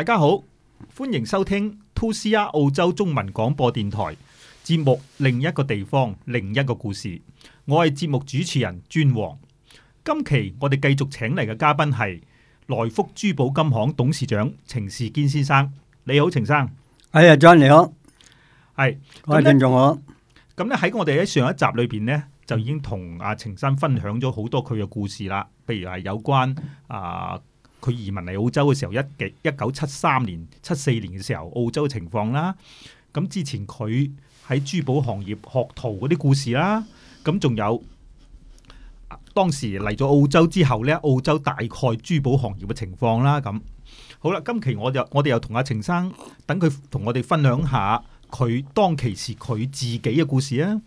大家好，歡迎收聽 2CR 澳洲中文廣播電台節目《另一個地方，另一個故事》。我係節目主持人尊王。今期我哋繼續請嚟嘅嘉賓係來福珠寶金行董事長程仕堅先生。你好，程生。哎呀，John，你好。係，各位聽眾好。咁咧喺我哋喺上一集裏邊咧，就已經同阿程生分享咗好多佢嘅故事啦。譬如係有關啊。佢移民嚟澳洲嘅時候，一九一九七三年、七四年嘅時候，澳洲嘅情況啦。咁之前佢喺珠寶行業學徒嗰啲故事啦。咁仲有當時嚟咗澳洲之後呢，澳洲大概珠寶行業嘅情況啦。咁好啦，今期我又我哋又同阿程生等佢同我哋分享下佢當其時佢自己嘅故事啊。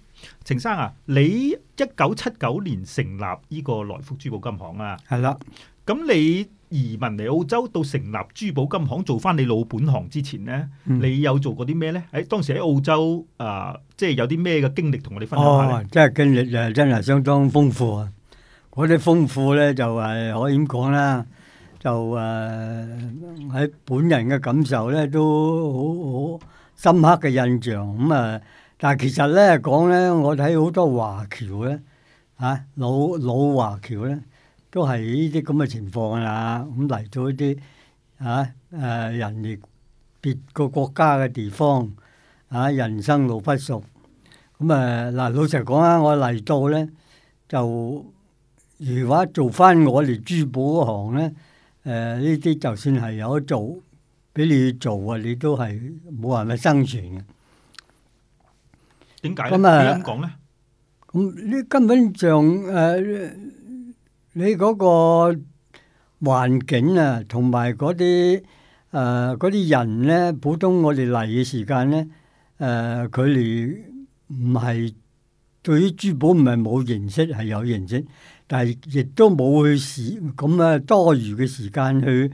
程生啊，你一九七九年成立呢個萊福珠寶金行啊，係啦，咁你，移民嚟澳洲到成立珠寶金行做返你老本行之前咧，你有做過啲咩咧？喺當時喺澳洲啊，即係有啲咩嘅經歷同我哋分享下咧？哦，即係經歷誒，真係相當豐富啊！嗰啲豐富咧就係可以咁講啦。就誒喺本人嘅感受咧都好好深刻嘅印象咁啊！但係其實咧講咧，我睇好多華僑咧嚇老老華僑咧。都係呢啲咁嘅情況啊！咁嚟到啲啊，誒人哋別個國家嘅地方，啊，人生路不熟。咁啊嗱，老實講啊，我嚟到咧就，如果做返我哋珠寶行咧，誒呢啲就算係有得做，俾你做啊，你都係冇辦法生存嘅。點解咧？你咁講咧？咁呢根本上誒。你嗰個環境啊，同埋嗰啲誒嗰啲人咧，普通我哋嚟嘅時間咧，誒佢哋唔係對於珠寶唔係冇認識，係有認識，但係亦都冇去試咁啊多餘嘅時間去誒、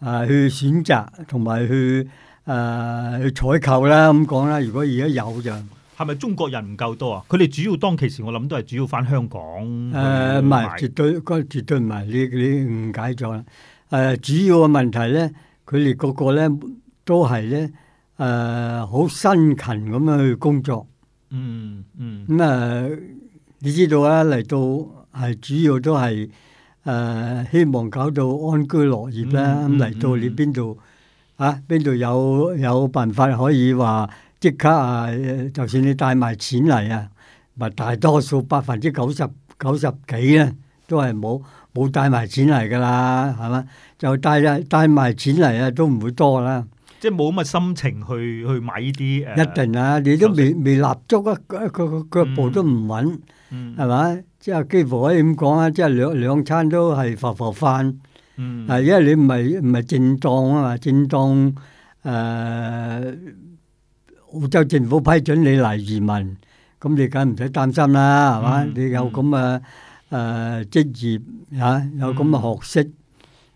呃、去選擇同埋去誒、呃、去採購啦咁講啦，如果而家有就。係咪中國人唔夠多啊？佢哋主要當其時，我諗都係主要返香港。誒唔係，絕對，絕對絕對唔係，你你誤解咗。誒主要嘅問題咧，佢哋個個咧都係咧誒好辛勤咁樣去工作。嗯嗯。咁啊，你知道啊，嚟到係主要都係誒希望搞到安居樂業啦。咁嚟到你邊度啊？邊度有有辦法可以話？即刻啊！就算你帶埋錢嚟啊，咪大多數百分之九十九十幾咧，都係冇冇帶埋錢嚟噶啦，係嘛？就帶啊帶埋錢嚟啊，都唔會多啦。即係冇乜心情去去買呢啲。一定啊！你都未未立足啊，腳腳步都唔穩，係嘛？即係幾乎可以咁講啊！即係兩兩餐都係浮浮飯。嗯。係因為你唔係唔係正當啊嘛，正當誒。澳洲政府批准你嚟移民，咁你梗唔使擔心啦，係嘛？你有咁嘅誒職業嚇，有咁嘅學識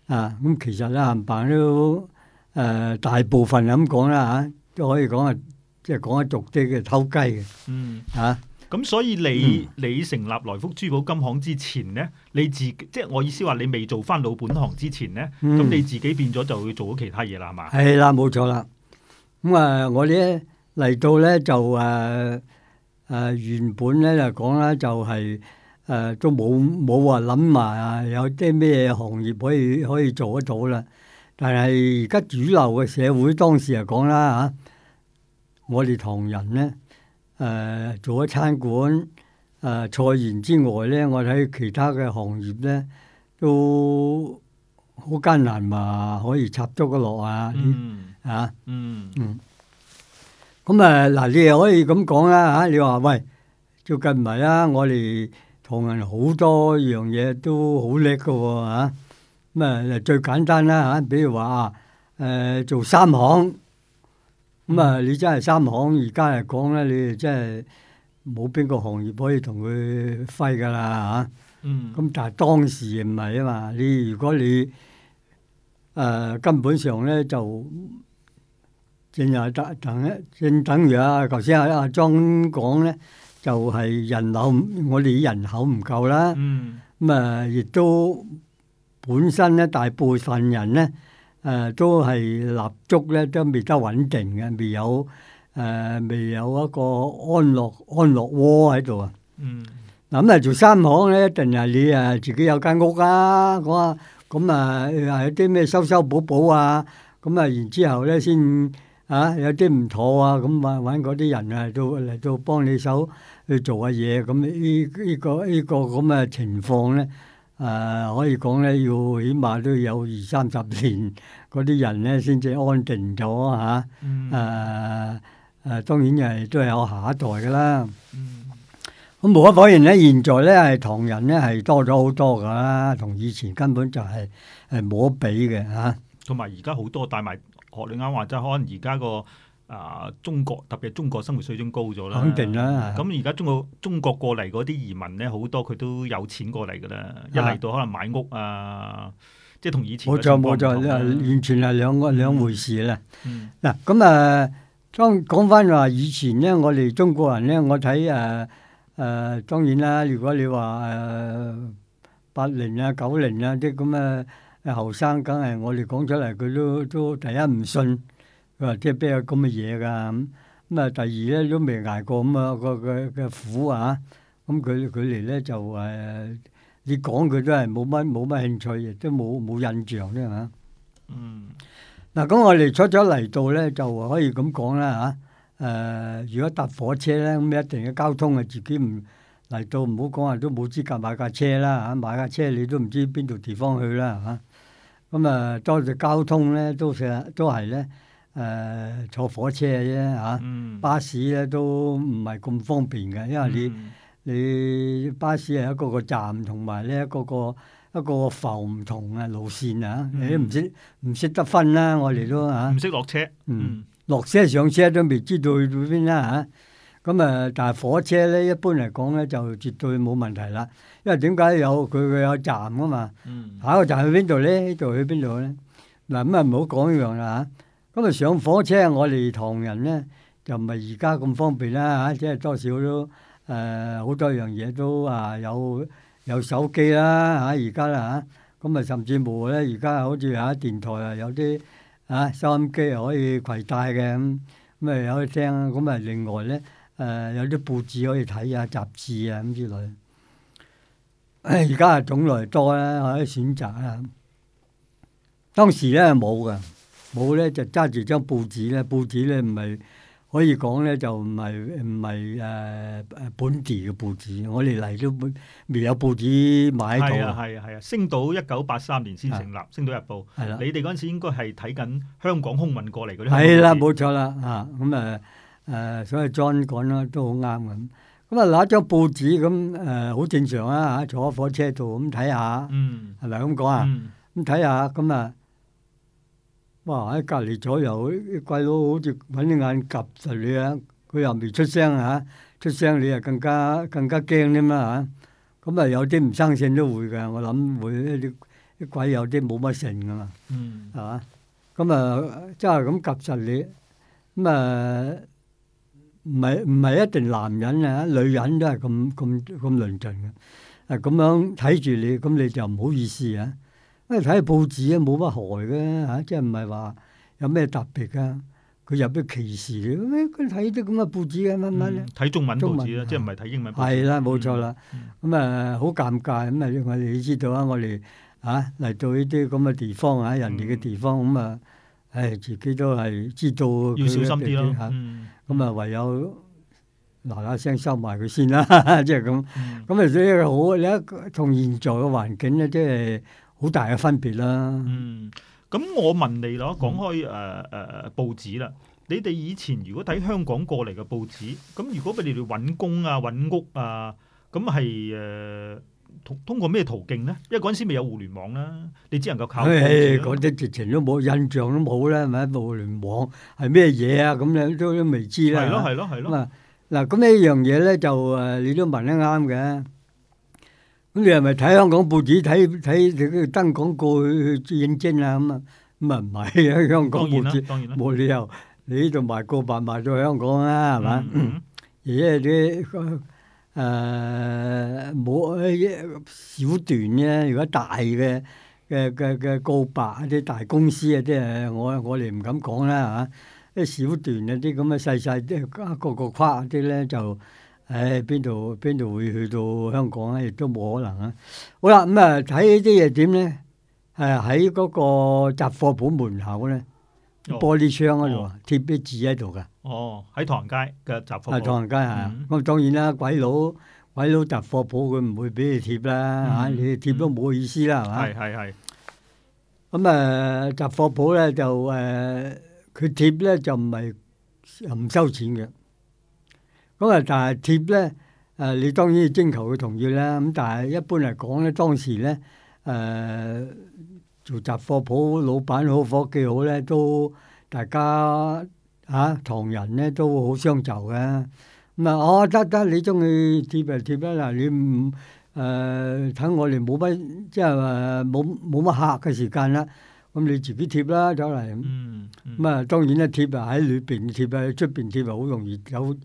啊，咁其實啦冚辦都誒大部分咁講啦嚇，都可以講啊，即係講得俗啲嘅偷雞嘅。嗯嚇，咁所以你你成立萊福珠寶金行之前咧，你自即係我意思話，你未做翻老本行之前咧，咁你自己變咗就會做咗其他嘢啦，係嘛？係啦，冇錯啦。咁啊，我哋咧～嚟到咧就誒誒、呃呃、原本咧就講、是、啦，就係誒都冇冇話諗埋有啲咩行業可以可以做得到啦。但係而家主流嘅社會當時嚟講啦嚇，我哋唐人咧誒、呃、做咗餐館誒、呃、菜園之外咧，我睇其他嘅行業咧都好艱難嘛，可以插足得落啊？嚇嗯嗯。嗯咁誒嗱，你又可以咁講啦嚇，你話喂最近埋啦、啊，我哋唐人好多樣嘢都好叻噶喎嚇。咁、啊、誒、啊、最簡單啦嚇、啊，比如話啊誒做三行，咁、嗯、啊你真係三行而家嚟講咧，你誒真係冇邊個行業可以同佢揮噶啦嚇。咁、嗯啊、但係當時唔係啊嘛，你如果你誒、呃、根本上咧就。正又得等一正等於啊，頭先阿阿莊講咧，就係人流我哋啲人口唔夠啦。嗯。咁啊，亦都本身咧，大部分人咧，誒都係立足咧，都未得穩定嘅，未有誒，未有一個安樂安樂窩喺度啊。嗯。諗嚟做三行咧，一定係你誒自己有間屋啊，講下咁啊，係啲咩修修補補啊？咁啊，然之後咧先。啊，有啲唔妥啊，咁啊揾嗰啲人啊，到嚟到幫你手去做下嘢，咁呢呢個呢個咁嘅情況咧，誒可以講咧，要起碼都有二三十年，嗰啲人咧先至安定咗嚇，誒誒當然係都係有下一代噶啦。咁無可否認咧，現在咧係唐人咧係多咗好多噶啦，同以前根本就係誒冇得比嘅嚇，同埋而家好多帶埋。學你啱話齋，可能而家個啊、呃、中國特別中國生活水準高咗啦，肯定啦。咁而家中國中國過嚟嗰啲移民咧，好多佢都有錢過嚟噶啦，啊、一嚟到可能買屋啊、呃，即係同以前冇錯冇錯，完全係兩個兩回事啦。嗱咁、嗯嗯、啊、啊、啊，當講翻話以前咧，我哋中國人咧，我睇，誒誒，當然啦，如果你話誒八零啊九零啊啲咁啊。80, 90, 90, 啊後生梗係我哋講出嚟，佢都都第一唔信，佢話聽邊有咁嘅嘢㗎咁咁啊！第二咧都未捱過咁啊個個嘅苦啊！咁佢佢嚟咧就誒、呃，你講佢都係冇乜冇乜興趣，亦都冇冇印象咧嚇。啊、嗯。嗱、啊，咁我哋出咗嚟到咧，就可以咁講啦嚇。誒、啊呃，如果搭火車咧，咁一定嘅交通啊，自己唔嚟到唔好講話都冇資格買架車啦嚇、啊，買架車你都唔知邊度地方去啦嚇。啊咁啊，多數交通咧都成，都係咧，誒、呃、坐火車嘅啫嚇，啊嗯、巴士咧都唔係咁方便嘅，因為你、嗯、你巴士係一個個站，同埋咧一個個一個浮唔同嘅路線啊，嗯、你唔識唔識得分啦，嗯、我哋都嚇，唔識落車，嗯，落車上車都未知道去邊啦嚇。啊。咁誒，但係火車咧，一般嚟講咧就絕對冇問題啦。因為點解有佢佢有站噶嘛？嗯、下個站去邊度咧？呢度去邊度咧？嗱咁啊，唔好講呢樣啦嚇。咁啊，上火車，我哋唐人咧就唔係而家咁方便啦嚇、啊，即係多少都誒好、呃、多樣嘢都啊有有手機啦嚇，而家啦嚇。咁啊，啊甚至乎咧，而家好似嚇電台啊，有啲嚇收音機啊可以攜帶嘅咁，咁啊可以聽。咁啊，另外咧。誒、呃、有啲報紙可以睇啊，雜誌啊咁之類。而家係種類多啦，可以選擇啦。當時咧冇嘅，冇咧就揸住張報紙咧，報紙咧唔係可以講咧就唔係唔係誒本地嘅報紙。我哋嚟都未有報紙買到。係啊係啊係啊！星島一九八三年先成立，星島日報。係啦、啊。你哋嗰陣時應該係睇緊香港空運過嚟嗰啲。係啦，冇錯啦啊！咁誒、啊。啊嗯嗯嗯誒，所以 join 趕啦，都好啱咁。咁啊，攞張報紙咁誒，好、呃、正常啊。坐喺火車度咁睇下，係咪咁講啊？咁睇下咁啊，哇！喺隔離左右啲鬼佬好似搵啲眼夾實你啊！佢又未出聲啊，出聲你又更加更加驚啲嘛嚇。咁啊，有啲唔生性都會嘅，我諗會啲啲鬼有啲冇乜性嘅嘛。係嘛、嗯？咁啊，即係咁夾實你，咁、嗯、啊～、呃唔係唔係一定男人啊，女人都係咁咁咁論盡嘅，啊咁樣睇住你，咁你就唔好意思啊。因為睇報紙啊，冇乜害嘅嚇，即係唔係話有咩特別啊，佢有咩歧視嘅，咁佢睇啲咁嘅報紙啊乜乜咧？睇、嗯、中文報紙啦，即係唔係睇英文報紙？係啦，冇錯啦。咁啊、嗯，好尷、嗯嗯、尬咁啊！因為你知道啊，我哋啊嚟到呢啲咁嘅地方啊，人哋嘅地方咁啊。嗯唉，自己都係知道，要小心啲咯嚇。咁啊，唯有嗱嗱聲收埋佢先啦，即係咁。咁啊，所以好，你一從現在嘅環境咧，即係好大嘅分別啦。嗯，咁我問你咯，講開誒誒報紙啦，你哋以前如果睇香港過嚟嘅報紙，咁如果俾你哋揾工啊、揾屋啊，咁係誒。通過咩途徑咧？因為嗰陣時未有互聯網啦，你只能夠靠報紙。嗰啲直情都冇印象，都冇啦，係咪？互聯網係咩嘢啊？咁樣都都未知啦。係咯，係咯，係咯。嗱，咁呢樣嘢咧就誒，你都問得啱嘅。咁你係咪睇香港報紙睇睇登廣告去應徵啊？咁啊咁啊，唔係啊，香港報紙冇理由，你呢度賣過萬賣咗去香港啊，係嘛？而且你。誒冇一小段嘅，如果大嘅嘅嘅嘅告白啊，啲大公司啊，啲誒，我我哋唔敢講啦嚇。啲小段啊，啲咁嘅細細啲，個個誇啲咧就，誒邊度邊度會去到香港咧？亦都冇可能啦。好啦，咁啊睇啲嘢點咧？誒喺嗰個雜貨鋪門口咧。玻璃窗嗰度貼啲字喺度噶，哦，喺唐人街嘅雜貨，係唐人街係，咁當然啦，鬼佬鬼佬雜貨鋪佢唔會俾你貼啦吓，你貼都冇意思啦係嘛，係係係，咁啊雜貨鋪咧就誒佢貼咧就唔係唔收錢嘅，咁啊但係貼咧誒你當然要徵求佢同意啦，咁但係一般嚟講咧當時咧誒。做雜貨鋪老闆好夥計好咧，都大家嚇、啊、唐人咧都好相就嘅。咁啊，我、哦、得得你中意貼就貼啦。嗱，你唔誒等我哋冇乜即係話冇冇乜客嘅時間啦。咁你自己貼啦，走嚟咁。咁啊、嗯，嗯、當然一貼啊喺裏邊貼啊，出邊貼咪好容易有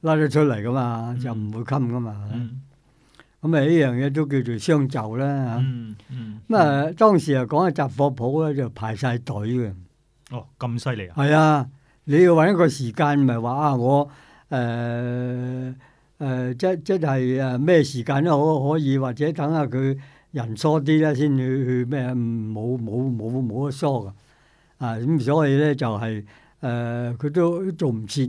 拉得出嚟噶嘛，就唔會襟噶嘛。嗯嗯。咁啊！呢樣嘢都叫做相就啦嚇。咁、嗯嗯、啊，當時又講啊，雜貨鋪咧就排晒隊嘅。哦，咁犀利啊！係啊，你要揾一個時間，唔係話啊，我誒誒、呃呃，即即係誒咩時間都好，可以或者等下佢人疏啲咧，先至去去咩冇冇冇冇得疏㗎。啊，咁、嗯、所以咧就係、是、誒，佢、呃、都做唔切。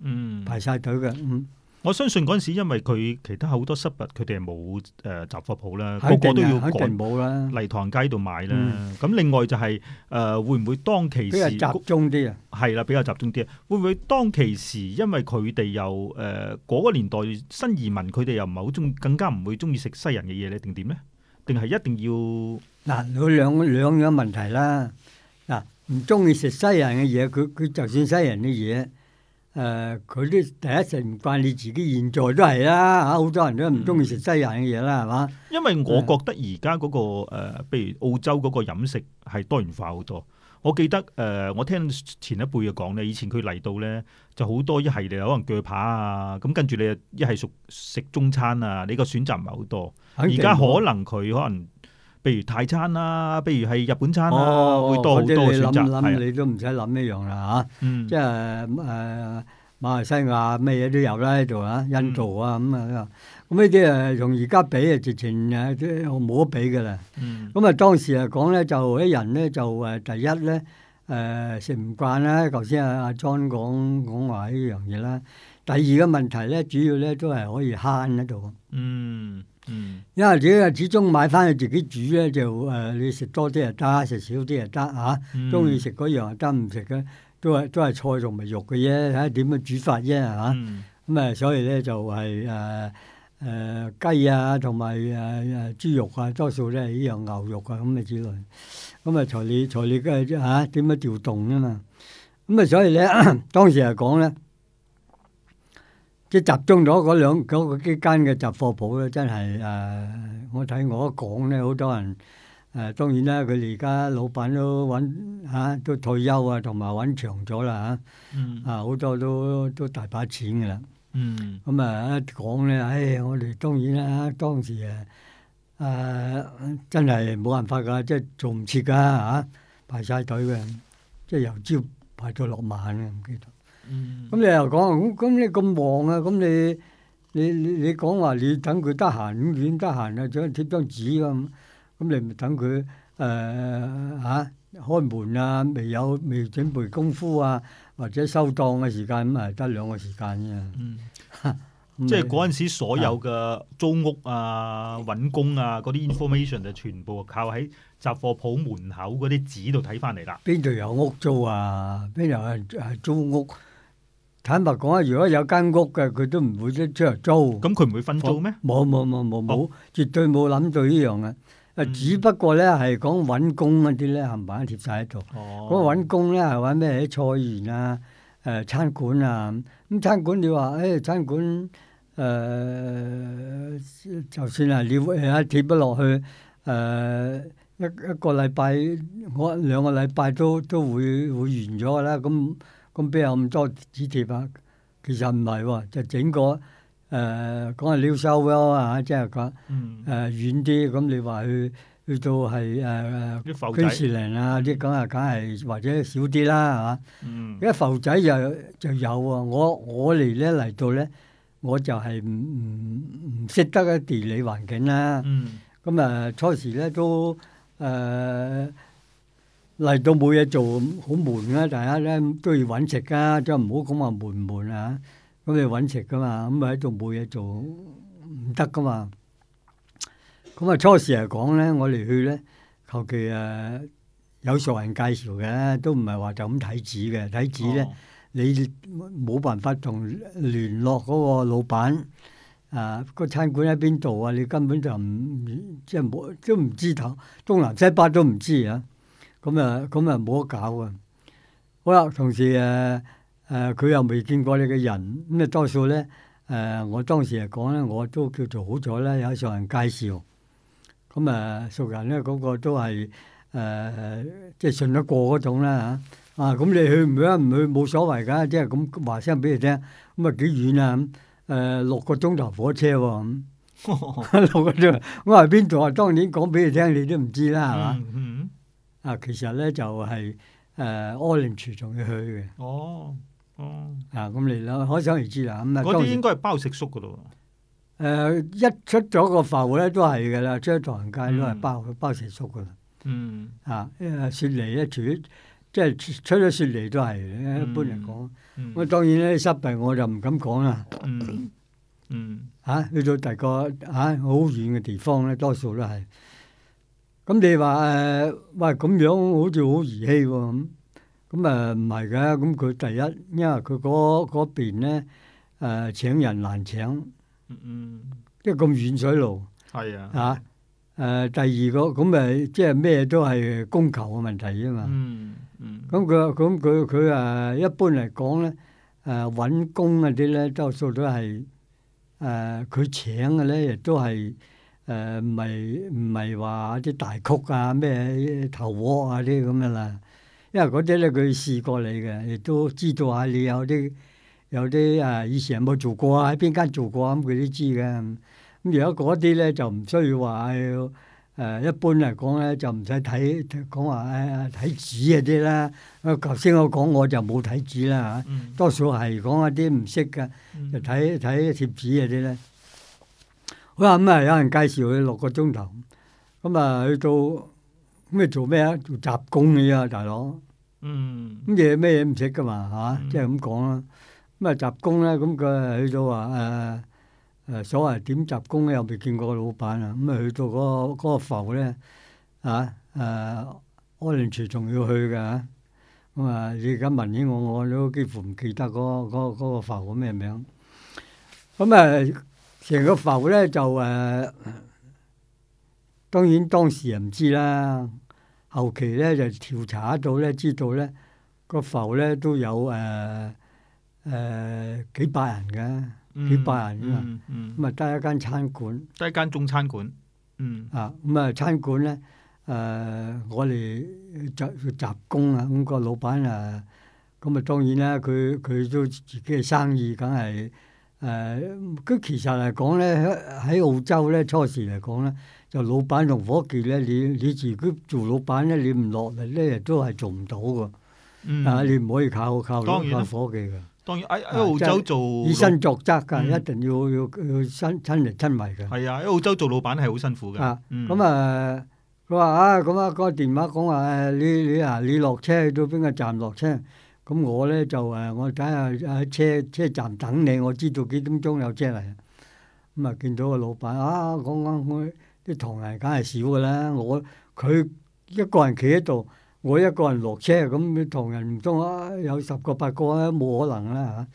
嗯，排晒隊嘅，嗯。我相信嗰陣時，因為佢其他好多失物，佢哋係冇誒雜貨鋪啦，呃、個個都要冇啦。泥塘街度買啦。咁、嗯、另外就係、是、誒、呃，會唔會當其時集中啲、嗯、啊？係啦，比較集中啲啊！會唔會當其時，因為佢哋又誒嗰、呃那個年代新移民，佢哋又唔係好中，更加唔會中意食西人嘅嘢咧？定點咧？定係一定要嗱？佢、啊、兩兩樣問題啦。嗱、啊，唔中意食西人嘅嘢，佢佢就算西人嘅嘢。誒，佢啲、呃、第一食唔慣，你自己現在都係啦嚇，好多人都唔中意食西人嘅嘢啦，係嘛、嗯？吧因為我覺得而家嗰個譬、呃、如澳洲嗰個飲食係多元化好多。我記得誒、呃，我聽前一輩嘅講咧，以前佢嚟到咧就好多一係你可能鋸扒啊，咁跟住你一係熟食中餐啊，你個選擇唔係好多。而家可能佢可能。譬如泰餐啦、啊，譬如係日本餐啦、啊，哦哦哦會多好多，多選擇。係你，是的 你都唔使諗呢樣啦吓、啊。嗯、即係誒、呃、馬來西亞咩嘢都有啦喺度吓，印度啊咁啊咁呢啲誒，同而家比啊，直情誒，即冇得比噶啦。咁啊，當時嚟講咧，就啲人咧就誒，第一咧誒食唔慣啦。頭先阿阿莊講講話呢樣嘢啦。第二個問題咧，主要咧都係可以慳喺度。嗯。嗯，因為自己始終買翻去自己煮咧，就誒、呃，你食多啲又得，食少啲又得啊！中意食嗰樣又得，唔食嘅都係都係菜同埋肉嘅啫，睇下點樣煮法啫，係、啊、嘛？咁啊、嗯嗯，所以咧就係誒誒雞啊，同埋誒誒豬肉啊，多數咧呢樣牛肉啊咁嘅之類。咁、嗯、啊，隨你隨你嘅啫吓，點樣調動啊嘛？咁、嗯、啊，所以咧當時係講咧。即集中咗嗰兩嗰個幾間嘅雜貨鋪咧，真係誒、呃！我睇我一講咧，好多人誒、呃、當然啦，佢哋而家老闆都揾嚇、啊、都退休啊，同埋揾長咗啦嚇，啊好多都都大把錢嘅啦。嗯，咁啊一講咧，唉、哎，我哋當然啦，當時誒誒、啊、真係冇辦法㗎，即係做唔切㗎嚇，排晒隊嘅，即係由朝排到落晚嘅，唔記得。咁、嗯、你又講咁你咁忙啊？咁你你你你講話你等佢得閒，咁點得閒啊？只貼張紙咁、啊，咁你咪等佢誒嚇開門啊？未有未準備功夫啊？或者收檔嘅時間咁啊？得兩個時間啫。即係嗰陣時，所有嘅租屋啊、揾工啊嗰啲 information 就、啊、全部靠喺雜貨鋪門口嗰啲紙度睇翻嚟啦。邊度有屋租啊？邊度有租屋？坦白講啊，如果有間屋嘅，佢都唔會出出嚟租。咁佢唔會分租咩？冇冇冇冇冇，絕對冇諗到呢樣啊！啊，只不過咧係講揾工嗰啲咧，冚唪唥貼曬喺度。咁揾工咧係揾咩？喺菜園啊，誒餐館啊。咁餐館你話誒餐館誒，就算係你誒貼不落去，誒一一個禮拜，我兩個禮拜都都會會完咗㗎啦。咁咁邊有咁多紙貼啊？其實唔係喎，就整個誒講係 New South Wales 啊嚇，即係講誒遠啲。咁你話去去到係誒軍事陵啊？啲講係梗係或者少啲啦，係嘛？而家浮仔就就有喎。我我嚟咧嚟到咧，我就係唔唔識得嘅地理環境啦。咁啊初時咧都誒。嚟到冇嘢做，好悶啊！大家咧都要揾食噶，就唔好講話悶唔悶啊！咁你揾食噶嘛，咁啊喺度冇嘢做唔得噶嘛。咁啊初時嚟講咧，我哋去咧，求其啊有熟人介紹嘅，都唔係話就咁睇紙嘅。睇紙咧，你冇辦法同聯絡嗰個老闆啊，個餐館喺邊度啊？你根本就唔即係冇都唔知頭，東南西北都唔知啊！咁啊，咁啊冇得搞啊！好啦，同時誒誒，佢又未見過你嘅人，咁啊多數咧誒，我當時誒講咧，我都叫做好彩咧，有熟人介紹。咁啊，熟人咧嗰個都係誒，即係信得過嗰種啦嚇。啊，咁你去唔去啊？唔去冇所謂噶，即係咁話聲俾你聽。咁啊幾遠啊？誒六個鐘頭火車喎咁。六個鐘？我話邊度啊？當年講俾你聽，你都唔知啦，係嘛？啊，其實咧就係、是、誒，阿、呃、林柱仲要去嘅。哦，哦。啊，咁你諗！可想而知啦。咁啊，嗰啲應該係包食宿噶喎。誒、呃，一出咗個埠咧都係嘅啦，出咗唐人街都係包包食宿噶啦。嗯。啊，誒雪梨咧，除咗即係出咗雪梨都係一般嚟講。嗯。我、嗯、當然咧失病我就唔敢講啦。嗯。嗯。嚇、啊！去到第個嚇好遠嘅地方咧，多數都係。咁、嗯、你話誒，喂，咁樣好似好兒戲喎、哦、咁，咁誒唔係嘅，咁佢第一，因為佢嗰嗰邊咧誒、呃、請人難請，嗯嗯，即係咁遠水路，係、嗯、啊，嚇誒、啊呃、第二個咁咪即係咩都係供求嘅問題啊嘛，嗯嗯，咁佢咁佢佢誒一般嚟講咧誒揾工嗰啲咧，多數都係誒佢請嘅咧，亦都係。誒唔係唔係話啲大曲啊咩頭鑊啊啲咁嘅啦，因為嗰啲咧佢試過你嘅，亦都知道啊你有啲有啲誒以前有冇做過啊，喺邊間做過啊，咁佢都知嘅。如果嗰啲咧就唔需要話要誒一般嚟講咧就唔使睇講話誒睇紙嗰啲啦。咁頭先我講我就冇睇紙啦嚇，嗯、多數係講一啲唔識嘅，就睇睇貼紙嗰啲咧。佢話咁啊，有人介紹佢六個鐘頭，咁啊去到咩做咩啊？做雜工啊，大佬。嗯。咁嘢咩嘢唔識噶嘛，嚇，即係咁講啦。咁啊雜工咧，咁佢去到話誒誒所謂點雜工咧，又未見過個老闆啊。咁啊去到嗰個嗰個埠咧啊誒安聯處仲要去嘅。咁啊，你而家問起我，我都幾乎唔記得嗰個嗰個嗰個埠叫咩名。咁啊。成個埠咧就誒、呃，當然當時又唔知啦。後期咧就調查得到咧，知道咧、個埠咧都有誒誒幾百人嘅，幾百人嘛，咁啊，得一間餐館，得一間中餐館。嗯啊，咁、嗯、啊，餐館咧誒，我哋就去集工啊，咁、個老闆啊，咁啊當然啦，佢佢都自己嘅生意，梗係。誒，佢、呃、其實嚟講咧，喺喺澳洲咧，初時嚟講咧，就是、老闆同伙計咧，你你自己做老闆咧，你唔落力咧，都係做唔到嘅。嗯、呃然，啊，你唔可以靠靠靠伙計嘅。當然喺喺澳洲做以身作則㗎，一定要要要親親力親為嘅。係啊，喺、啊、然澳洲做老闆係好、啊啊、辛苦㗎、嗯啊呃。啊，咁啊，佢話啊，咁啊，個電話講話誒，你你啊，你落車去到邊個站落車？咁我咧就誒，我睇下喺車車站等你，我知道幾點鐘有車嚟。咁啊見到個老闆啊，講講啲啲唐人梗係少嘅啦。我佢一個人企喺度，我一個人落車，咁、嗯、唐人唔通啊，有十個八個啊，冇可能啦，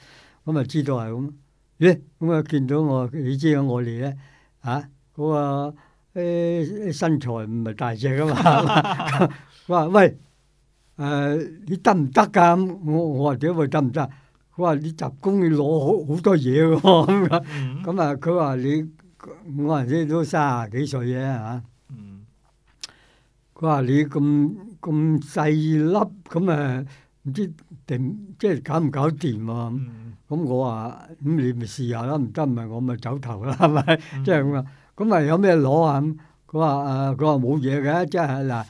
係咁啊知道係咁。咦、啊？咁、嗯、啊見到我，你知道我哋咧。啊，我話誒身材唔係大隻啊嘛。我 話喂。誒，你得唔得㗎？我我話點會得唔得？佢話你集工，要攞好好多嘢喎，咁樣咁啊！佢話你我嗰陣時都卅幾歲嘅嚇，佢話你咁咁細粒，咁啊唔知定即係搞唔搞掂啊？咁我話咁你咪試下啦，唔得咪我咪走頭啦，係咪？即係咁啊！咁啊有咩攞啊？咁佢話誒，佢話冇嘢嘅，即係嗱。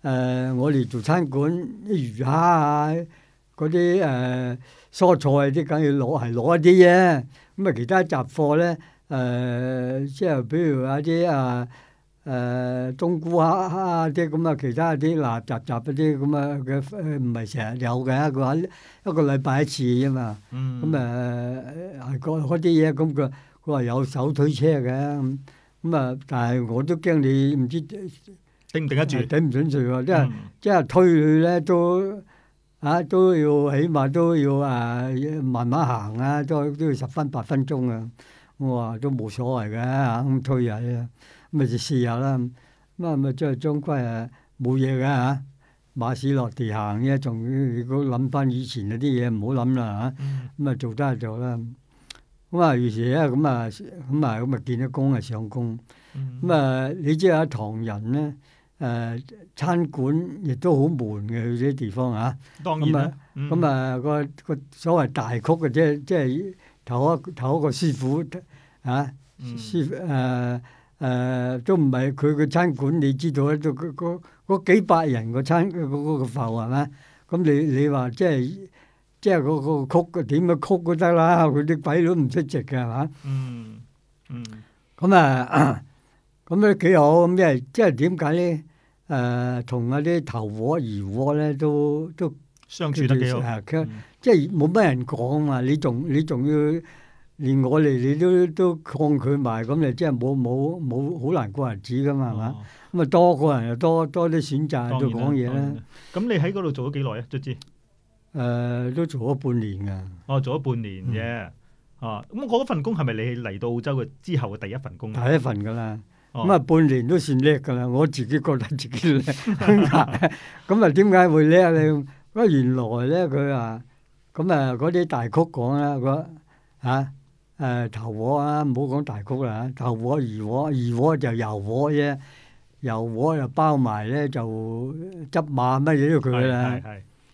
誒、呃，我哋做餐館啲魚蝦啊，嗰啲誒蔬菜啲，梗要攞係攞一啲啫。咁、呃啊，呃、啊，其他雜貨咧，誒即係比如話啲啊誒冬菇蝦蝦啊啲咁啊，其他啲嗱雜雜嗰啲咁啊嘅誒，唔係成日有嘅，佢話一個禮拜一次吖嘛。咁、嗯嗯、啊，係嗰嗰啲嘢咁佢佢話有手推車嘅。咁、嗯、啊，但係我都驚你唔知。頂唔頂得住？頂唔準住喎！即係即係推佢咧，都嚇都要起碼都要啊，慢慢行啊，都都要十分八分鐘啊！我話都冇所謂嘅嚇，咁推下啊，咁咪就試下啦。咁啊，咪即係終歸啊，冇嘢嘅嚇。馬死落地行嘅，仲如果諗翻以前嗰啲嘢，唔好諗啦嚇。咁啊，做得就啦。咁啊，於是咧咁啊咁啊咁啊，見咗工啊上工。咁啊，你知啊，唐人咧。誒、呃、餐館亦都好悶嘅，嗰啲地方嚇、啊。當然啦咁啊，嗯啊嗰個個所謂大曲嘅、即係，即即係頭一頭一個師傅嚇。啊嗯、師傅誒誒都唔係佢個餐館，你知道咧、啊，都嗰嗰嗰幾百人餐個餐嗰個浮係、就是、啊。咁你你話即係即係嗰個曲點嘅曲都得啦，佢啲鬼佬唔出席嘅係嘛？嗯嗯。咁啊，咁都幾好。咁即係即係點解咧？誒同啊啲頭鑊、二鑊咧都都相處得幾好，啊嗯、即係冇乜人講嘛，你仲你仲要連我哋，你都都抗拒埋，咁你即係冇冇冇好難過日子噶嘛，係嘛？咁啊多個人又多多啲選擇，講嘢啦。咁你喺嗰度做咗幾耐啊？卒之誒都做咗半年㗎。哦，做咗半年嘅。哦，咁嗰份工係咪你嚟到澳洲嘅之後嘅第一份工？第一份㗎啦。咁啊、哦、半年都算叻噶啦，我自己覺得自己叻。咁啊點解會叻咧？嗰原來咧佢啊，咁啊嗰啲大曲講啦，個嚇誒頭鑊啊，唔好講大曲啦嚇，頭鑊、二鑊、二鑊就油鑊啫，油鑊就包埋咧就執馬乜嘢都佢啦。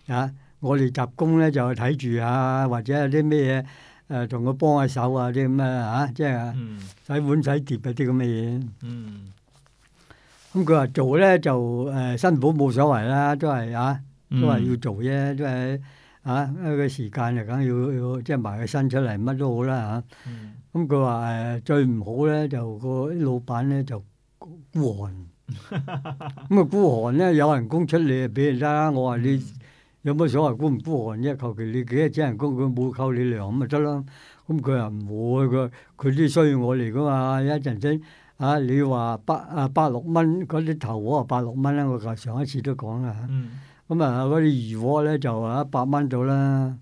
嚇、啊，我哋雜工咧就睇住啊，或者有啲咩嘢。誒同佢幫下手啊，啲咁嘅嚇，即係洗碗洗碟嗰啲咁嘅嘢。咁佢話做咧就誒辛苦冇所謂啦，都係啊，都係要做啫，都係啊，因為時間就梗要要即係埋個身出嚟，乜都好啦嚇。咁佢話誒最唔好咧就個啲老闆咧就孤寒。咁啊孤寒咧有人工出嚟俾人啦，我話你。有冇所謂孤唔孤寒啫？求其你幾多錢人工，佢冇扣你糧咁咪得咯？咁佢又唔會噶，佢啲需要我嚟噶嘛。一陣先啊！你話百啊百六蚊嗰啲頭鑊啊百六蚊啦，我上一次都講啦。咁、嗯、啊，嗰啲魚鑊咧就一百蚊到啦。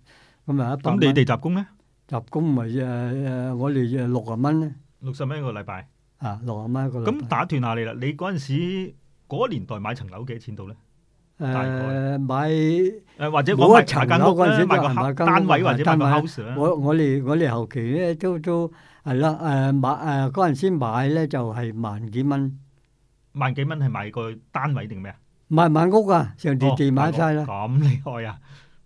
咁啊，一百。咁你哋集工咧？集工咪誒誒，我哋誒六啊蚊咧。六十蚊一個禮拜。啊，六啊蚊一個。咁打斷下你啦！你嗰陣時嗰年代買層樓幾多錢度咧？誒，買誒或者我一層間屋咧，買個單位或者買 house 啦。我我哋我哋後期咧都都係啦，誒買誒嗰陣先買咧就係萬幾蚊。萬幾蚊係買個單位定咩啊？買買屋啊，成地地買晒啦。咁厲害啊！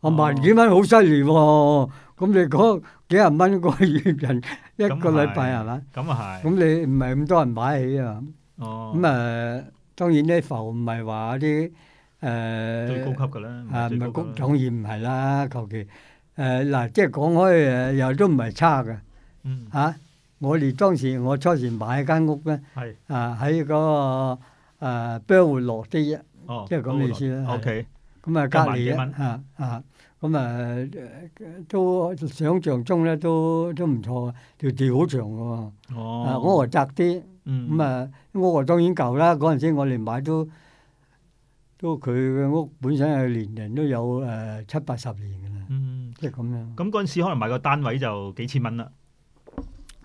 啊萬幾蚊好犀利喎！咁你嗰幾廿蚊個月人一個禮拜係嘛？咁啊係。咁你唔係咁多人買起啊？哦。咁誒，當然咧浮唔係話啲。誒最高級嘅啦，啦，啊唔係高，當然唔係啦，求其誒嗱，即係講開誒，又都唔係差嘅，嚇！我哋當時我初時買間屋咧，啊喺嗰個誒標會落啲，即係咁嘅意思啦。O.K. 咁啊，隔離啊，啊咁啊都想像中咧，都都唔錯，條地好長喎。哦，屋何窄啲？嗯，咁 peine 啊，屋何當然舊啦。嗰陣時我哋買都。都佢嘅屋本身係年齡都有誒七八十年噶啦，嗯，即係咁樣。咁嗰陣時可能買個單位就幾千蚊啦，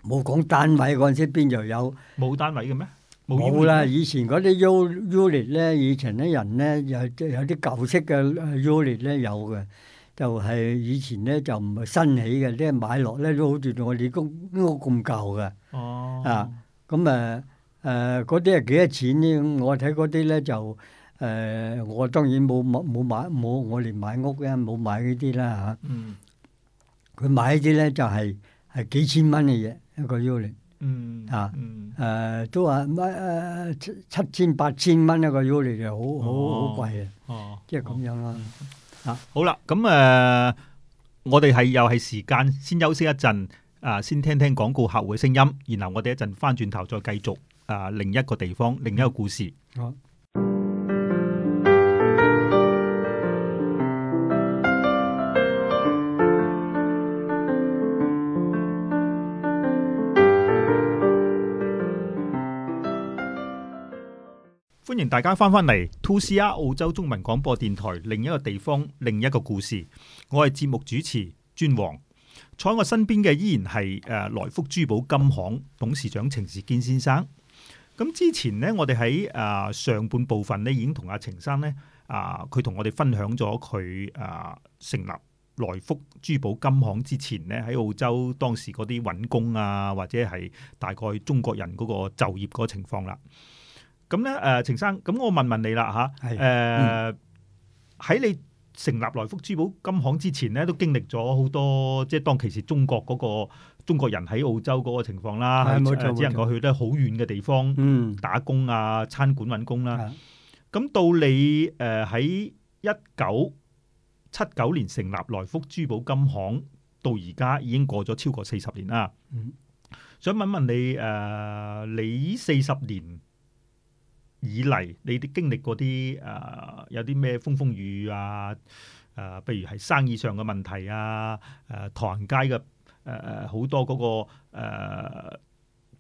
冇講單位嗰陣時邊又有冇單位嘅咩？冇啦，以前嗰啲 u unit 咧，以前啲人咧又即係有啲舊式嘅 unit 咧有嘅，就係以前咧就唔係新起嘅，即係買落咧都好似我哋屋屋咁舊嘅。哦，啊，咁誒誒嗰啲係幾多錢咧？我睇嗰啲咧就。誒，我當然冇冇冇買，冇我哋買屋嘅，冇買呢啲啦吓。嗯，佢買呢啲咧就係係幾千蚊嘅嘢，一個 yearly。嗯，吓，誒都話七七千八千蚊一個 yearly，就好好好貴嘅。哦，即係咁樣啦。吓，好啦，咁誒，我哋係又係時間先休息一陣，啊，先聽聽廣告客戶嘅聲音，然後我哋一陣翻轉頭再繼續啊，另一個地方，另一個故事。好。歡迎大家翻返嚟 2CR 澳洲中文廣播電台，另一個地方，另一個故事。我係節目主持尊王，坐喺我身邊嘅依然係誒、呃、來福珠寶金行董事長程仕堅先生。咁、嗯、之前呢，我哋喺誒上半部分咧，已經同阿、啊、程生呢，啊、呃，佢同我哋分享咗佢啊成立來福珠寶金行之前呢，喺澳洲當時嗰啲揾工啊，或者係大概中國人嗰個就業嗰個情況啦。咁咧，誒，程生，咁我問問你啦，嚇，誒，喺你成立萊福珠寶金行之前咧，都經歷咗好多，即係當其時中國嗰個中國人喺澳洲嗰個情況啦，只能夠去得好遠嘅地方打工啊，餐館搵工啦。咁到你誒喺一九七九年成立萊福珠寶金行，到而家已經過咗超過四十年啦。想問問你，誒，你四十年，以嚟你啲經歷過啲誒、呃、有啲咩風風雨雨啊？誒、呃，譬如係生意上嘅問題啊，誒、呃，唐街嘅誒誒好多嗰、那個誒、呃、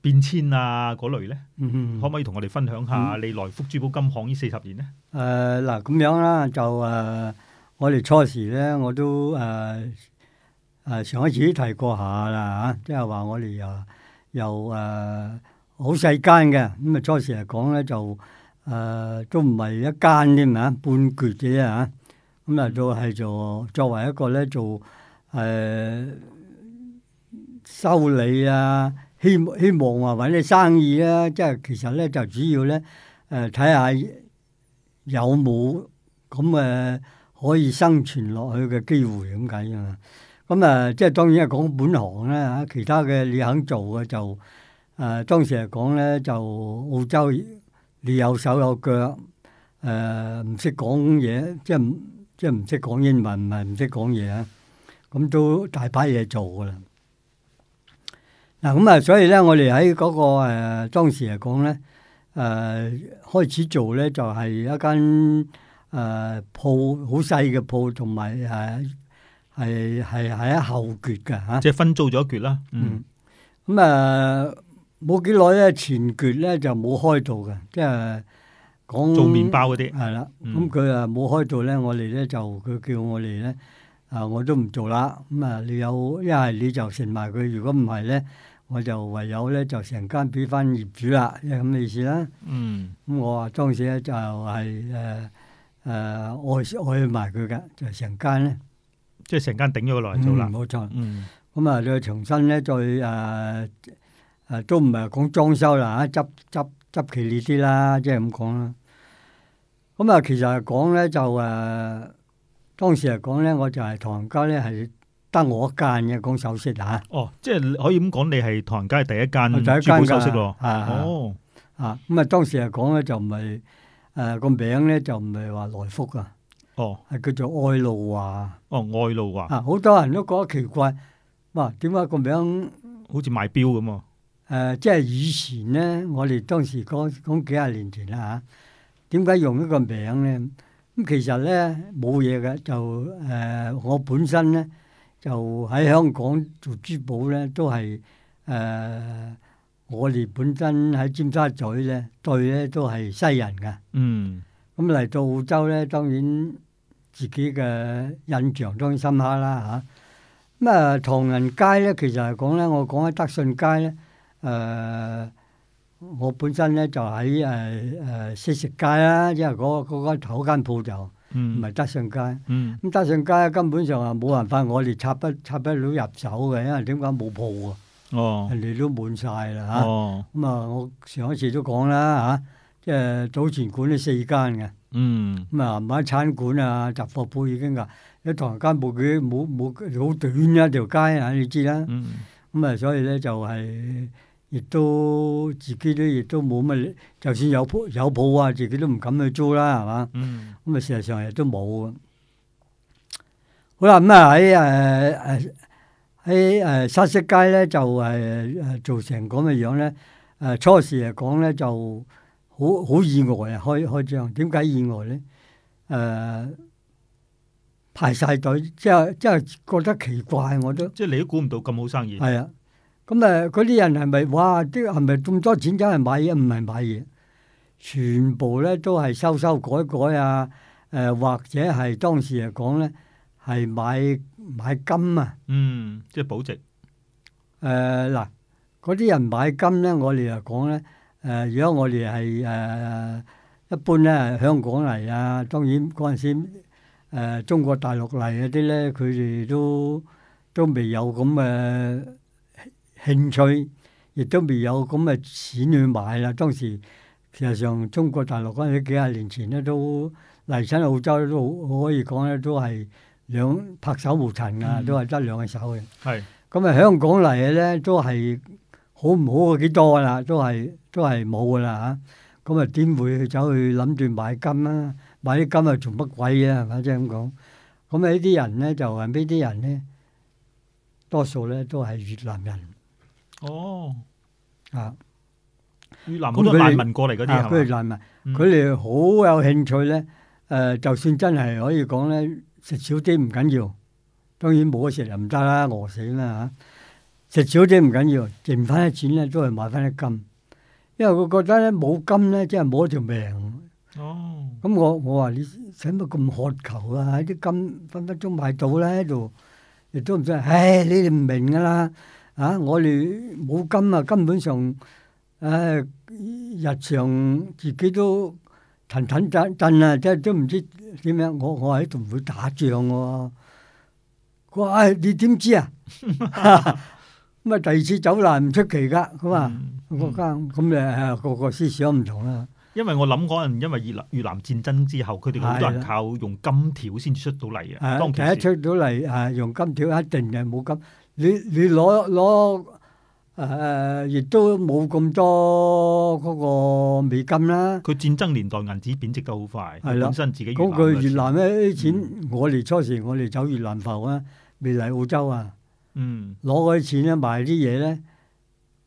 變遷啊嗰類咧，嗯嗯、可唔可以同我哋分享下你來福珠寶金行呢四十年咧？誒嗱咁樣啦，就誒、呃、我哋初時咧我都誒誒、呃呃、上一次都提過下啦，即係話我哋又又誒。又呃好細間嘅，咁啊初時嚟講咧就誒、呃、都唔係一間添啊，半攰嘅啫嚇。咁啊，都係做作為一個咧做誒、呃、修理啊，希望希望話揾啲生意啦、啊。即係其實咧就主要咧誒睇下有冇咁誒可以生存落去嘅機會咁解啊。咁啊、嗯，即係當然係講本行咧嚇，其他嘅你肯做嘅就。誒、呃，當時嚟講咧，就澳洲你有手有腳，誒、呃，唔識講嘢，即係即係唔識講英文，唔係唔識講嘢啊，咁都大把嘢做噶啦。嗱，咁啊，所以咧，我哋喺嗰個誒、呃，當時嚟講咧，誒、呃，開始做咧就係、是、一間誒鋪，好細嘅鋪，同埋誒係係喺後決嘅吓，啊、即係分租咗決啦。嗯，咁啊、嗯。嗯呃冇幾耐咧，前段咧就冇開到嘅，即係講做麪包嗰啲，係啦。咁佢啊冇開到咧，我哋咧就佢叫我哋咧啊，我都唔做啦。咁啊，你有一係你就承埋佢，如果唔係咧，我就唯有咧就成間俾翻業主啦，係咁嘅意思啦。嗯。咁我啊當時咧就係誒誒愛愛去埋佢嘅，就成間咧，即係成間頂咗佢來做啦。冇錯。嗯。咁啊，再重新咧，再誒。誒都唔係講裝修啦，執執執其利啲啦，即係咁講啦。咁啊，其實講咧就誒，當時嚟講咧，我就係唐人街咧係得我一間嘅講手飾首飾嚇。哦，即係可以咁講，你係唐人街第一間第一間首飾喎。係啊，哦啊，咁啊，當時嚟講咧就唔係誒個名咧就唔係話萊福啊，哦，係叫做愛路華。哦，愛路華啊，好多人都覺得奇怪，哇，點解個名好似賣表咁啊？誒、呃、即係以前咧，我哋當時講講幾廿年前啦嚇。點、啊、解用呢個名咧？咁其實咧冇嘢嘅，就誒、呃、我本身咧就喺香港做珠寶咧，都係誒、呃、我哋本身喺尖沙咀咧對咧都係西人嘅。嗯，咁嚟到澳洲咧，當然自己嘅印象當然深刻啦嚇。咁啊，啊，唐人街咧，其實嚟講咧，我講喺德信街咧。誒，uh, 我本身咧就喺誒誒西食街啦，即係嗰嗰間頭間鋪就唔係德勝街。咁、嗯、德勝街根本上啊冇辦法，我哋插不插不佬入手嘅，因為點解冇鋪啊。哦、人哋都滿晒啦嚇。咁、哦、啊，我上一次都講啦嚇，即係早前管都四間嘅。咁、嗯、啊，唔係餐館啊，雜貨鋪已經噶，啲唐人街鋪佢冇冇好短嘅、啊、一條街啊，你知啦、啊。咁啊、嗯嗯，所以咧就係、就係亦都自己都亦都冇乜，就算有鋪有鋪啊，自己都唔敢去租啦，係嘛？嗯，咁啊，事實上亦都冇啊。好啦，咁啊喺誒誒喺誒莎瑟街咧，就誒誒、uh, 做成咁嘅樣咧。誒、啊，初時嚟講咧就好好意外啊，開開張，點解意外咧？誒、uh，排晒隊，即係即係覺得奇怪，我都即係你都估唔到咁好生意，係啊。咁誒嗰啲人係咪哇？啲係咪咁多錢走去買嘢唔係買嘢？全部咧都係修修改改啊！誒或者係當時嚟講咧，係買買金啊！嗯，即係保值。誒嗱，嗰啲人買金咧，我哋又講咧誒，如果我哋係誒一般咧，香港嚟啊，當然嗰陣時誒中國大陸嚟嗰啲咧，佢哋都都未有咁嘅。興趣亦都未有咁嘅錢去買啦。當時其實上中國大陸嗰陣幾廿年前咧，都嚟親澳洲咧，都可以講咧，都係兩拍手無塵啊，都係得兩隻手嘅。係咁啊，香港嚟嘅咧都係好唔好嘅？幾多噶啦，都係都係冇噶啦嚇。咁啊，點會走去諗住買金啊？買啲金啊，做乜鬼嘅，反正咁講。咁啊，呢啲人咧就係呢啲人咧？多數咧都係越南人。哦，啊，嗰啲難民過嚟，嗰啲係嘛？佢、啊、難民，佢哋好有興趣咧。誒、呃，就算真係可以講咧，食少啲唔緊要。當然冇食就唔得啦，餓死啦吓。食少啲唔緊要，剩翻啲錢咧都係買翻啲金。因為佢覺得咧冇金，咧真係冇一條命。哦，咁、嗯、我我話你使乜咁渴求啊？啲金分分鐘買到咧，喺度，亦都唔使。唉、哎，你哋唔明噶啦。啊！我哋冇金啊，根本上誒日常自己都騰騰震震啊，即係都唔知點樣。我我喺度唔會打仗，佢話。哎！你點知啊？咁啊，第二次走難唔出奇噶。咁啊，個家咁誒個個思想唔同啦。因為我諗嗰陣，因為越越南戰爭之後，佢哋好多人靠用金條先出到嚟啊。係係啊，當其一出到嚟係用金條，一定就係冇金。你你攞攞誒亦都冇咁多嗰個美金啦。佢戰爭年代銀紙貶值得好快，本身自己。嗰個越南咧啲錢，我哋初時我哋走越南浮啊，未嚟澳洲啊，嗯，攞嗰啲錢咧買啲嘢咧，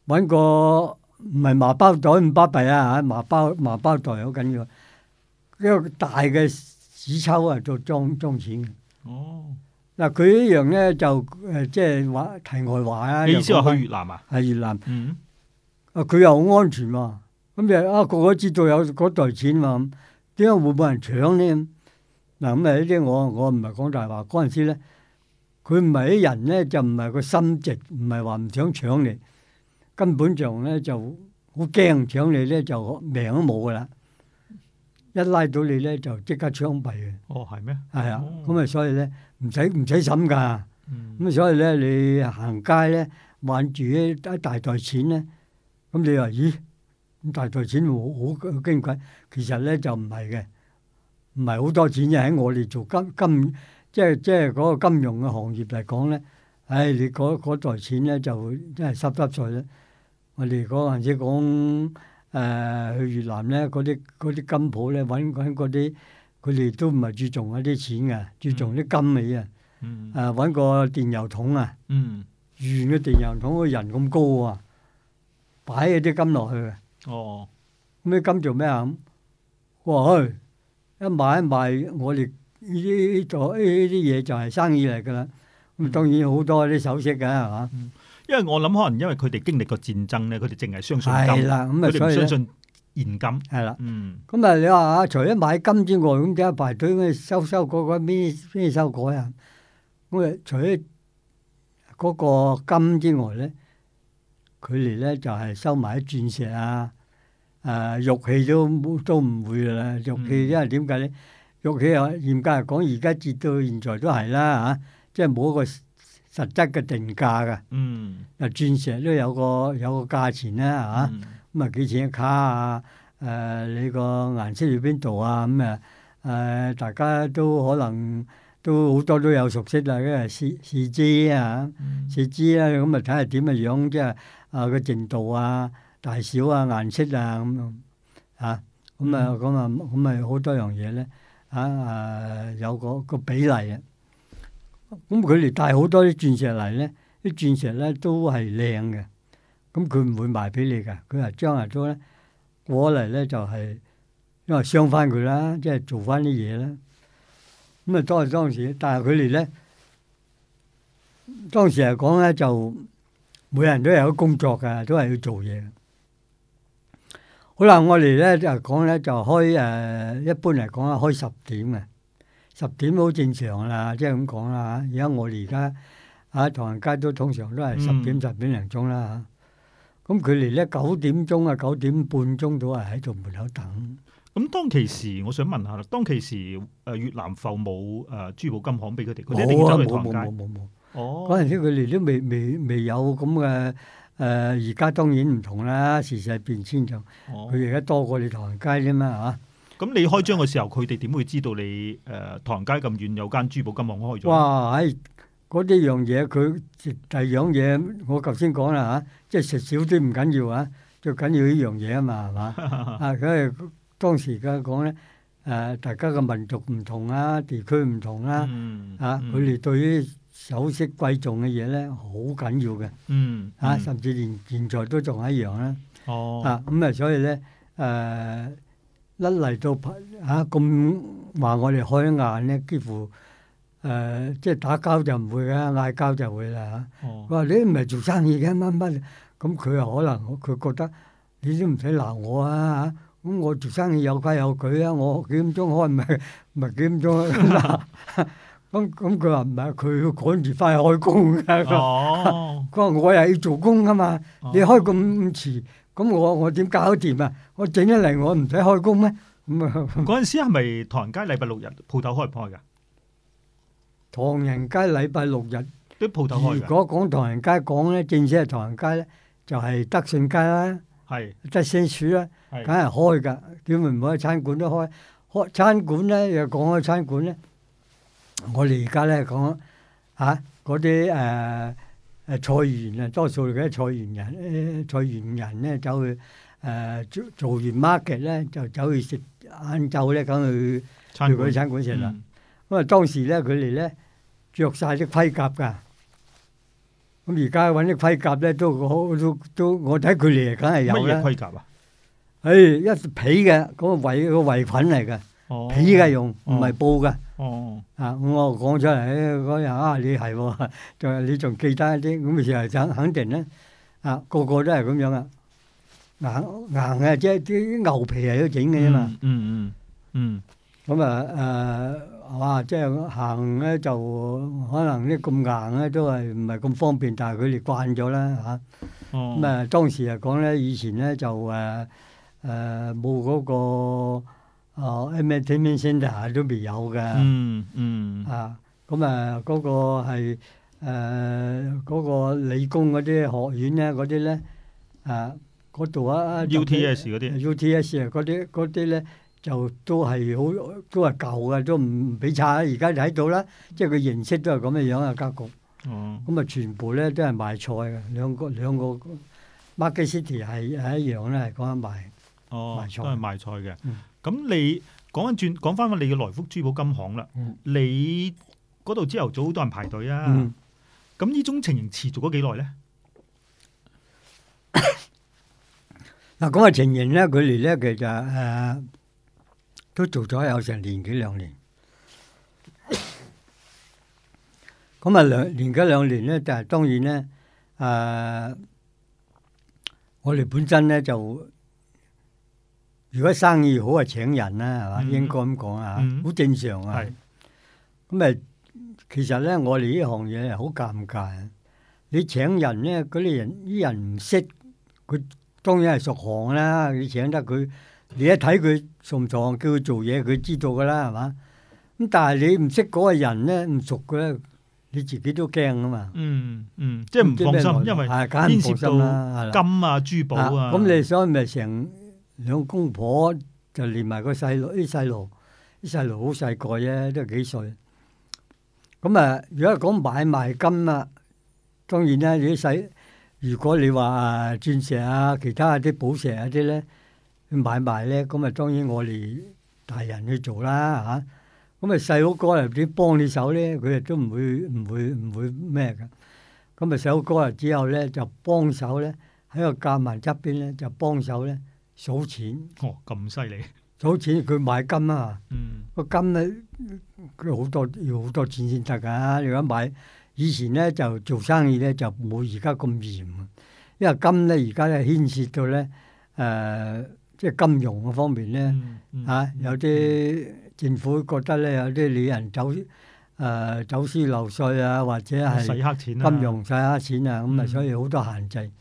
揾個唔係麻包袋唔包幣啊嚇，麻包麻包袋好緊要，一個大嘅屎抽啊就裝裝錢嘅。嗱佢呢樣咧就誒，即係話題外話啊。你意思話說去越南啊？係越南。嗯。啊，佢又好安全嘛。咁你啊，個個知道有嗰袋錢嘛。點解會冇人搶咧？嗱咁啊！呢啲我我唔係講大話，嗰陣時咧，佢唔係啲人咧，就唔係個心直，唔係話唔想搶你，根本上咧就好驚搶你咧，就命都冇噶啦。一拉到你咧，就即刻槍斃嘅。哦，係咩？係啊。咁啊、哦，所以咧。唔使唔使審㗎，咁、嗯、所以咧，你行街咧，揾住一一大袋錢咧，咁、嗯、你話咦，咁大袋錢好好好矜貴，其實咧就唔係嘅，唔係好多錢。就喺我哋做金金，即係即係嗰個金融嘅行業嚟講咧，唉、哎，你嗰、那、嗰、個、袋錢咧就真係濕濕碎啦。我哋嗰陣時講誒、呃、去越南咧，嗰啲嗰啲金鋪咧搵揾嗰啲。佢哋都唔係注重一啲錢嘅，注重啲金尾啊！誒，揾個電油桶啊，圓嘅電油桶，個人咁高啊，擺嗰啲金落去嘅。哦，咁啲金做咩啊？咁，哇去一買一賣，我哋呢啲做呢啲嘢就係生意嚟噶啦。咁當然好多啲首飾嘅係嘛？因為我諗可能因為佢哋經歷過戰爭咧，佢哋淨係相信金，佢哋相信。現金係啦，咁啊的，嗯、你話嚇除咗買金之外，咁點解排隊收收嗰、那個咩收嗰啊？咁啊，除咗嗰個金之外咧，佢哋咧就係、是、收埋啲鑽石啊，誒、呃、玉器都都唔會啦。玉器、嗯、因為點解咧？玉器啊，嚴格嚟講，而家至到現在都係啦嚇，即係冇一個實質嘅定價嘅。嗯，啊鑽石都有個有個價錢啦、啊、嚇。嗯咁啊幾錢一卡啊？誒、呃，你個顏色喺邊度啊？咁啊誒，大家都可能都好多都有熟悉啦，因為四四 C 啊，四 C 咧咁啊，睇下點嘅樣，即、就、係、是、啊個淨度啊、大小啊、顏色啊咁啊，咁、嗯嗯嗯、啊，咁啊，咁咪好多樣嘢咧嚇誒，有個個比例啊。咁佢哋帶好多啲鑽石嚟咧，啲鑽石咧都係靚嘅。咁佢唔會賣俾你噶，佢話將來都咧過嚟咧就係因為傷翻佢啦，即係做翻啲嘢啦。咁啊，當當時，但係佢哋咧當時嚟講咧，就每人都有工作㗎，都係要做嘢。好啦，我哋咧就講咧就開誒，一般嚟講啊，開十點啊十點好正常啊啦，即係咁講啦嚇。而家我哋而家啊，唐人街都通常都係十點十點零鐘啦嚇。咁佢哋咧九點鐘啊九點半鐘都係喺度門口等。咁、嗯、當其時，我想問下啦，當其時誒、呃、越南埠冇誒珠寶金行俾佢哋，佢哋定咗去唐街？冇冇冇冇冇。哦。嗰陣時佢哋都未未未有咁嘅誒，而、呃、家當然唔同啦，時勢變遷咗。哦。佢而家多過你唐人街啫嘛嚇？咁、啊嗯、你開張嘅時候，佢哋點會知道你誒、呃、唐人街咁遠有間珠寶金行開咗？哇！係、哎。嗰啲樣嘢，佢第二樣嘢，我頭先講啦嚇，即係食少啲唔緊要啊，最緊要呢樣嘢啊嘛，係嘛 啊？因為當時而家講咧，誒、呃、大家嘅民族唔同啊，地區唔同啊，嚇佢哋對於首飾貴重嘅嘢咧，好緊要嘅，嚇、嗯嗯啊，甚至連現在都仲係一樣咧。嚇咁啊，哦、啊所以咧誒，一、呃、嚟到嚇咁話我哋開眼咧，幾乎～誒、呃，即係打交就唔會嘅、啊，嗌交就會啦、啊、嚇。我話、哦、你唔係做生意嘅乜乜，咁佢可能佢覺得你都唔使鬧我啊咁、啊、我做生意有規有矩啊，我幾點鐘開咪？咪唔係幾點鐘？咁咁佢話唔係，佢趕住翻去開工。佢話我又要做工啊嘛，你開咁遲，咁我我點搞掂啊？我整咗嚟，我唔使開工咩？咁啊，嗰陣時係咪唐人街禮拜六日鋪頭開唔開㗎？唐人街禮拜六日啲鋪頭開。如果講唐人街講咧，正式係唐人街咧，就係德信街啦，係德信處啦，梗係開㗎。點會唔開？餐館都開。開餐館咧，又講開餐館咧。我哋而家咧講吓嗰啲誒誒菜園啊，多數嗰啲菜園人、菜園人咧走去誒做做完 market 咧，就走去食晏晝咧，梗係去，去嗰啲餐館食啦。咁啊當時咧，佢哋咧。着晒啲盔甲噶，咁而家搵啲盔甲咧都好，都都，都我睇佢哋梗係有啦。乜嘢盔甲啊？誒、哎，一皮嘅，嗰個圍個圍裙嚟嘅，哦、皮嘅用，唔係、哦、布嘅、哦。哦，啊，我講出嚟，嗰日啊，你係、哦，仲你仲記得一啲？咁嘅時候肯肯定啦，啊，個個都係咁樣啊，硬硬嘅即係啲牛皮嚟嘅整嘅啫嘛。嗯嗯嗯，咁、嗯嗯嗯、啊誒。呃哇！即係行咧，就可能咧咁硬咧，都係唔係咁方便。但係佢哋慣咗啦嚇。咁啊、哦嗯，當時嚟講咧，以前咧就誒誒冇嗰個、呃嗯嗯、啊，咩 training centre 都未有嘅。嗯、那、嗯、個呃那個。啊！咁啊，嗰個係誒嗰個理工嗰啲學院咧，嗰啲咧啊嗰度啊，U T S 嗰啲，U T S 啊嗰啲嗰啲咧。就都係好，都係舊嘅，都唔唔俾拆。而家就喺度啦，即係佢形式都係咁嘅樣嘅格局。哦，咁啊，全部咧都係賣菜嘅，兩個兩個。Market City 係係一樣咧，係講緊賣，賣菜都係賣菜嘅。咁你講翻轉，講翻翻你嘅萊福珠寶金行啦，你嗰度朝頭早好多人排隊啊。咁呢種情形持續咗幾耐咧？嗱，咁嘅情形咧，佢哋咧，其實誒。都做咗有成年幾兩年，咁啊 兩,兩年幾兩年咧，就係當然咧，誒、呃，我哋本身咧就，如果生意好啊請人啦、啊，係嘛、mm hmm. 應該咁講啊，好、mm hmm. 正常啊。咁啊是，其實咧我哋呢行嘢好尷尬，你請人咧嗰啲人啲人唔識，佢當然係熟行啦，你請得佢。你一睇佢上牀叫佢做嘢，佢知道噶啦，係嘛？咁但係你唔識嗰個人咧，唔熟嘅，你自己都驚啊嘛。嗯嗯，即係唔放心，因為係牽涉到金啊、珠寶啊。咁你所以咪成兩公婆就連埋個細路啲細路，啲細路好細個啫，都係幾歲？咁啊，如果講買賣金啊，當然啦，你啲細如果你話鑽石啊、其他啲寶石啊啲咧。買賣咧，咁啊當然我哋大人去做啦嚇，咁啊細佬哥嚟幫你手咧，佢亦都唔會唔會唔會咩㗎。咁啊細佬哥嚟之後咧，就幫手咧，喺個夾萬側邊咧，就幫手咧數錢。哦，咁犀利！數錢佢買金啊，個金咧佢好多要好多錢先得噶。如果買以前咧就做生意咧就冇而家咁嚴，因為金咧而家咧牽涉到咧誒。即係金融嘅方面咧，嚇、嗯嗯啊、有啲政府覺得咧有啲理人走誒、呃、走私漏稅啊，或者係金融洗黑錢啊，咁、嗯、啊，嗯嗯、所以好多限制誒、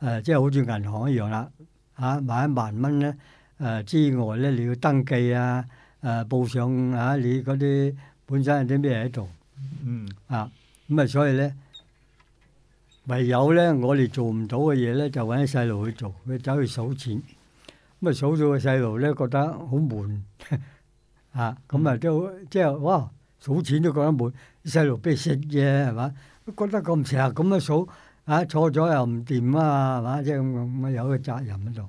呃，即係好似銀行一樣啦嚇，萬、啊、一萬蚊咧誒之外咧，你要登記啊誒、呃、報上嚇、啊、你嗰啲本身有啲咩喺度，嗯、啊咁啊、嗯，所以咧唯有咧我哋做唔到嘅嘢咧，就搵啲細路去做，去走去數錢。咁啊，數數個細路咧，覺得好悶 啊！咁啊，都即係哇，數錢都覺得悶。細路不如食嘢係嘛？覺得咁成日咁樣數啊，錯咗又唔掂啊，係嘛？即係咁啊，有個責任喺度。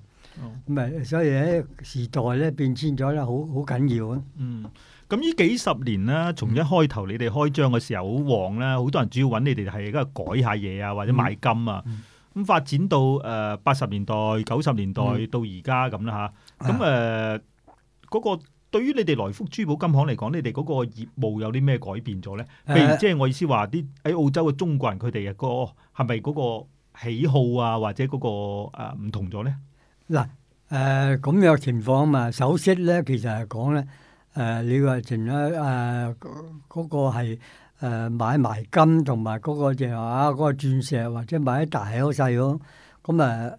咁咪、哦啊、所以喺時代咧變遷咗咧，好好緊要啊。嗯，咁呢幾十年啦，從一開頭你哋開張嘅時候好旺啦，好、嗯、多人主要揾你哋係而家改下嘢啊，或者買金啊。嗯嗯咁發展到誒八十年代、九十年代到而家咁啦吓，咁誒嗰個對於你哋萊福珠寶金行嚟講，你哋嗰個業務有啲咩改變咗咧？譬如即係我意思話，啲喺澳洲嘅中國人佢哋個係咪嗰個喜好啊，或者嗰個誒唔同咗咧？嗱誒咁樣情況啊嘛，首飾咧其實係講咧，誒你話前一誒嗰個係。誒、呃、買埋金同埋嗰個嘅話，嗰、啊那個鑽石或者買一大好細好，咁誒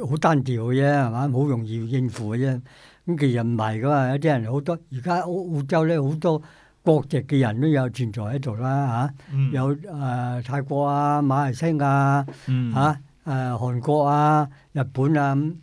好好單調嘅啫，係嘛？好容易應付嘅啫。咁其實唔係噶嘛，有啲人好多而家澳澳洲咧好多國籍嘅人都有存在喺度啦，嚇，有誒泰國啊、馬來西亞啊，嚇、嗯、誒韓國啊、日本啊咁，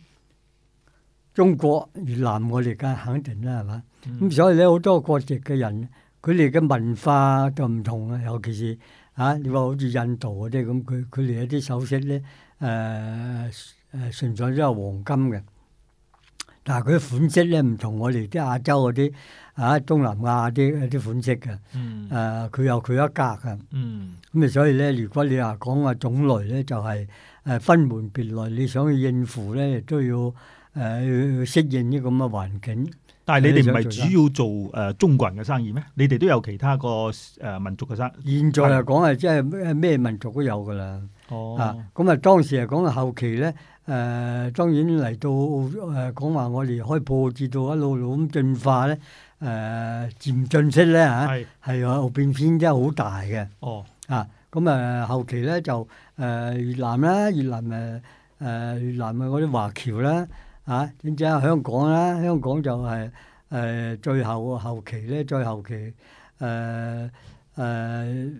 中國、越南我哋梗係肯定啦，係、啊、嘛？咁、嗯嗯、所以咧好多國籍嘅人。佢哋嘅文化就唔同啊，尤其是啊，你話好似印度嗰啲咁，佢佢哋有啲首飾咧，誒、呃、誒、呃，純粹都係黃金嘅。但係佢款式咧唔同我哋啲亞洲嗰啲啊，東南亞啲啲款式嘅。誒、嗯，佢、啊、有佢一格嘅。咁啊、嗯，所以咧，如果你話講話種類咧，就係、是、誒分門別類。你想去應付咧，都要誒、呃、適應呢咁嘅環境。係你哋唔係主要做誒、呃、中國人嘅生意咩？你哋都有其他個誒、呃、民族嘅生意。現在嚟講係即係咩咩民族都有㗎啦。哦，啊咁啊當時嚟講後期咧誒、呃、當然嚟到誒講話我哋開鋪至到一路路咁進化咧誒、呃、漸進式咧嚇，係係啊變遷真係好大嘅。哦，啊咁啊後期咧就誒越南啦，越南誒誒越南嗰啲華僑啦。呃啊！點知啊？香港啦，香港就係、是、誒、呃、最後後期咧，最後期誒誒、呃呃，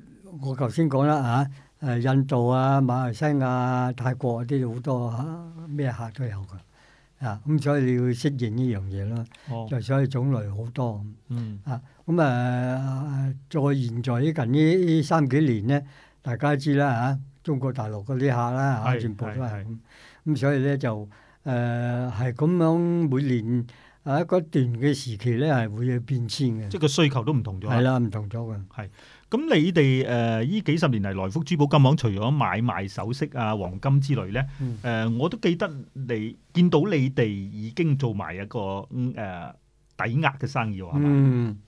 我頭先講啦嚇誒，印度啊、馬來西亞啊、泰國嗰啲好多咩客都有嘅啊，咁、嗯、所以你要適應呢樣嘢咯。就、哦、所以種類好多。啊，咁、嗯、啊，再現在呢近呢三幾年咧，大家知啦嚇、啊，中國大陸嗰啲客啦嚇，是全部都係咁。咁是所以咧就。誒係咁樣，每年啊、呃、嗰段嘅時期咧，係會有變遷嘅。即係個需求都唔同咗。係啦，唔同咗嘅。係咁，你哋誒呢幾十年嚟，萊福珠寶金行除咗買賣首飾啊、黃金之類咧，誒、嗯呃、我都記得你見到你哋已經做埋一個誒抵押嘅生意喎。係咪？嗯。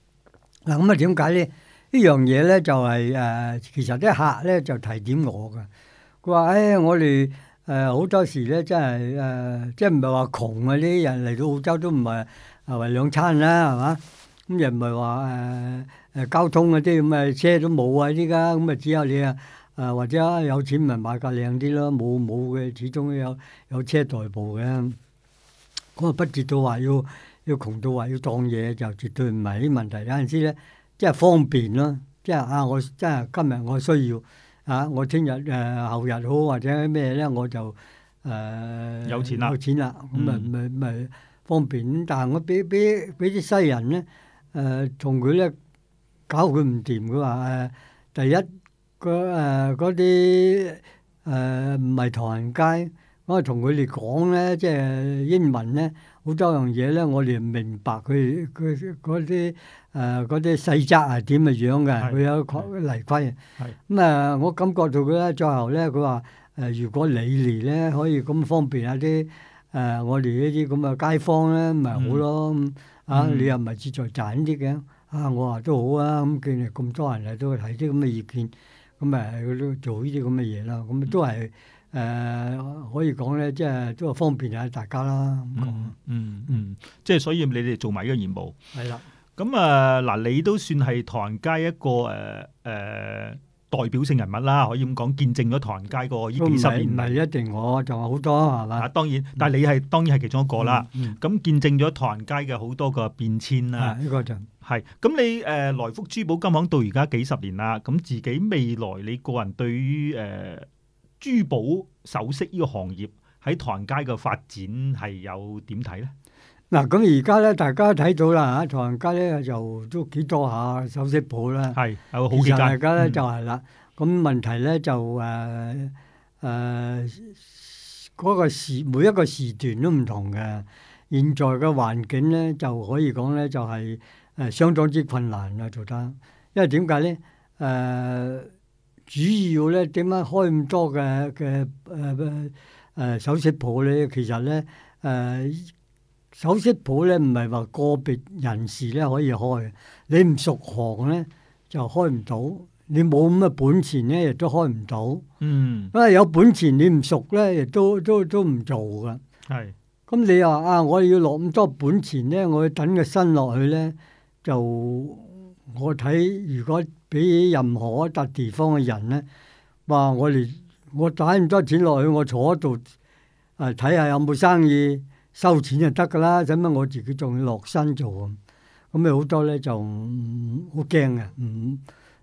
嗱咁啊，點解咧？是是嗯、呢樣嘢咧就係、是、誒、呃，其實啲客咧就提點我㗎。佢話：誒、哎，我哋。誒好、呃、多時咧，真係誒，即唔係話窮啊？啲人嚟到澳洲都唔係係為兩餐啦、啊，係嘛？咁又唔係話誒誒交通嗰啲咁嘅車都冇啊！依家咁啊，只有你啊誒、呃，或者有錢咪買架靚啲咯，冇冇嘅，始終都有有車代步嘅。咁、嗯、啊，不至於話要要窮到話要當嘢，就絕對唔係呢問題。有陣時咧，即係方便咯、啊，即係啊，我即係今日我需要。啊！我聽日誒，後日好或者咩咧？我就誒、呃、有錢啦，呃、有錢啦，咁咪咪咪方便。但係我俾俾俾啲西人咧，誒同佢咧搞佢唔掂，佢話誒第一個誒嗰啲誒唔係唐人街，我係同佢哋講咧，即係英文咧。好多樣嘢咧，我哋明白佢佢嗰啲誒嗰啲細則係點嘅樣嘅，佢是有規例規。咁啊、嗯，我感覺到佢咧，最後咧，佢話誒，如果你嚟咧，可以咁方便下啲誒，我哋呢啲咁嘅街坊咧，咪、就是、好咯。嗯、啊，你又唔係志在賺啲嘅。啊，我話都好啊。咁見咁多人嚟都睇啲咁嘅意見，咁誒咪做呢啲咁嘅嘢啦。咁都係。嗯誒可以講咧，即係都係方便下大家啦，咁講，嗯嗯，即係所以你哋做埋呢個業務，係啦。咁啊，嗱，你都算係唐人街一個誒誒代表性人物啦，可以咁講，見證咗唐人街個呢幾十年。唔係一定，我就話好多係咪啊？當然，但係你係當然係其中一個啦。咁見證咗唐人街嘅好多個變遷啦。呢個就係係咁。你誒萊福珠寶金行到而家幾十年啦。咁自己未來你個人對於誒？珠寶首飾呢個行業喺唐人街嘅發展係有點睇咧？嗱，咁而家咧，大家睇到啦吓，唐人街咧就都幾多下首飾鋪啦，係，有好幾間。而家咧就係啦，咁問題咧就誒誒，嗰、呃呃那個時每一個時段都唔同嘅。現在嘅環境咧，就可以講咧就係誒相當之困難啊做得，因為點解咧誒？呃主要咧點樣開咁多嘅嘅誒誒誒首飾鋪咧？其實咧誒首飾鋪咧唔係話個別人士咧可以開，你唔熟行咧就開唔到，你冇咁嘅本錢咧亦都開唔到。嗯，因為有本錢你唔熟咧亦都都都唔做噶。係是，咁你話啊，我要落咁多本錢咧，我要等佢新落去咧，就我睇如果。俾任何一笪地方嘅人咧，話我哋我打唔多錢落去，我坐喺度啊睇下有冇生意，收錢就得㗎啦。使乜我自己仲要落身做？咁咪好多咧就好驚嘅，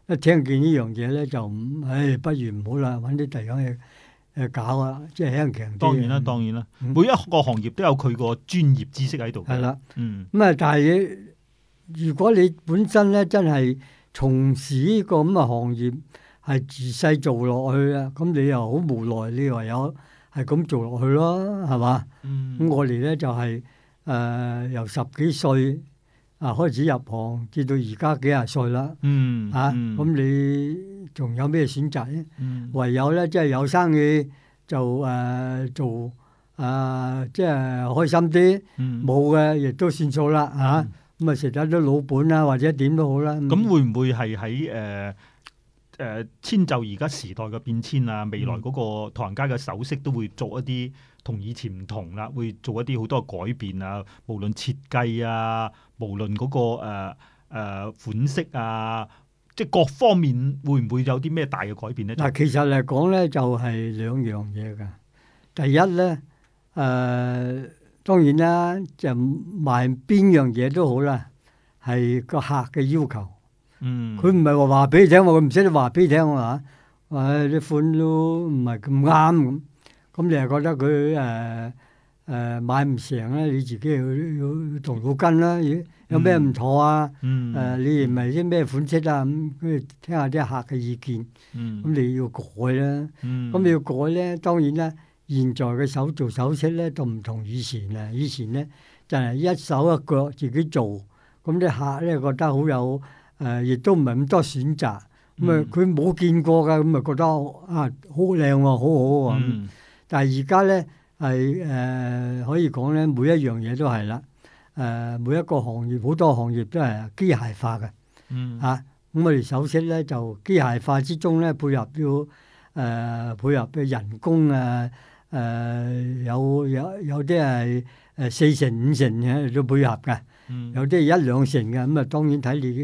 一聽見呢樣嘢咧就，唉、哎，不如唔好啦，揾啲第二樣嘢誒搞啊，即係輕騎。當然啦，當然啦，每一個行業都有佢個專業知識喺度。係啦的，咁啊、嗯，但係如果你本身咧真係～從事呢個咁嘅行業係自細做落去啊，咁你又好無奈，你唯有係咁做落去咯，係嘛？咁、嗯、我哋咧就係、是、誒、呃、由十幾歲啊開始入行，至到而家幾廿歲啦，嚇咁、嗯嗯啊、你仲有咩選擇咧？嗯、唯有咧即係有生意就誒、呃、做，誒、呃、即係開心啲，冇嘅亦都算數啦，嚇、啊。嗯咁啊，食咗啲老本啦，或者點都好啦。咁會唔會係喺誒誒遷就而家時代嘅變遷啊？未來嗰個唐人街嘅首飾都會做一啲同以前唔同啦，會做一啲好多改變啊！無論設計啊，無論嗰、那個誒、呃呃、款式啊，即係各方面會唔會有啲咩大嘅改變呢？嗱，其實嚟講咧，就係、是、兩樣嘢噶。第一咧，誒、呃。當然啦，就買邊樣嘢,都好啦，係個客嘅要求。嗯，佢唔係話話俾你聽，我唔識得話俾你聽啊！啊，啲、哎、款都唔係咁啱咁，咁你又覺得佢誒誒買唔成咧？你自己去要動腦筋啦，有咩唔妥啊？嗯，誒、嗯呃，你唔係啲咩款式啊咁，跟住聽下啲客嘅意見。嗯，咁你要改啦。嗯，咁你要改咧，當然啦。現在嘅手做首飾咧，就唔同以前啦。以前咧就係、是、一手一腳自己做，咁啲客咧覺得好有誒，亦都唔係咁多選擇。咁、嗯、啊，佢冇見過㗎，咁啊覺得啊好靚喎，好好喎、啊。嗯、但係而家咧係誒，可以講咧，每一樣嘢都係啦。誒、呃，每一個行業好多行業都係機械化嘅。嗯。嚇、啊，咁我哋首飾咧就機械化之中咧，配合咗誒、呃，配合嘅人工啊。啊。誒、呃、有有有啲係誒四成五成嘅都配合嘅，嗯、有啲係一兩成嘅，咁啊當然睇你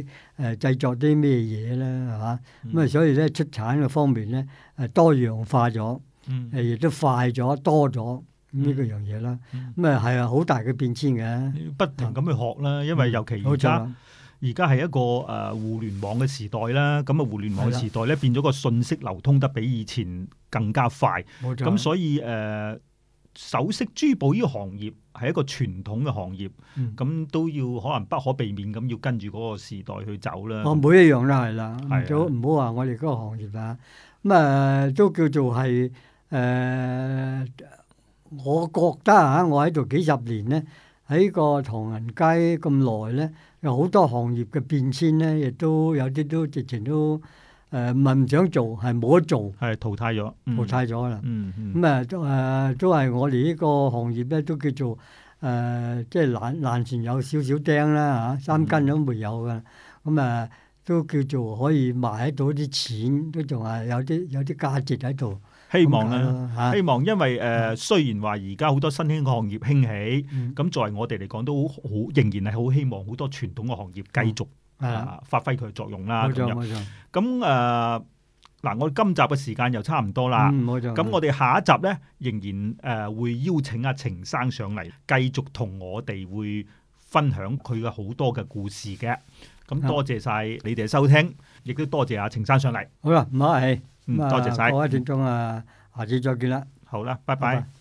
誒製、呃、作啲咩嘢啦，係嘛？咁啊、嗯、所以咧出產嘅方面咧係多元化咗，誒、嗯、亦都快咗多咗呢個樣嘢啦。咁啊係啊，好、嗯嗯、大嘅變遷嘅，不停咁去學啦，是因為尤其而增。而家係一個誒、呃、互聯網嘅時代啦，咁啊互聯網嘅時代咧變咗個信息流通得比以前更加快，咁、冇錯、所以誒、呃、首飾珠寶呢個行業係一個傳統嘅行業，咁、嗯、都要可能不可避免咁要跟住嗰個時代去走啦。哦、啊，嗯、每一樣都係啦，唔好唔好話我哋嗰個行業啊，咁、嗯、啊、呃、都叫做係誒、呃，我覺得啊，我喺度幾十年咧，喺個唐人街咁耐咧。嗯有好多行業嘅變遷咧，亦都有啲都直情都誒唔係唔想做，係冇得做，係淘汰咗，淘汰咗啦。咁啊，都誒都係我哋呢個行業咧，都叫做誒、呃、即係爛爛船有少少釘啦嚇、啊，三斤都沒有噶。咁、嗯嗯、啊，都叫做可以賣得到啲錢，都仲係有啲有啲價值喺度。希望啦，希望，因為誒，雖然話而家好多新興嘅行業興起，咁在我哋嚟講都好，仍然係好希望好多傳統嘅行業繼續啊，發揮佢嘅作用啦。冇錯。咁誒，嗱，我今集嘅時間又差唔多啦。咁我哋下一集呢，仍然誒會邀請阿程生上嚟，繼續同我哋會分享佢嘅好多嘅故事嘅。咁多謝晒你哋嘅收聽，亦都多謝阿程生上嚟。好啊，唔好客氣。咁啊，嗯、多謝晒過一陣鐘啊，下次再見啦。好啦，拜拜。拜拜。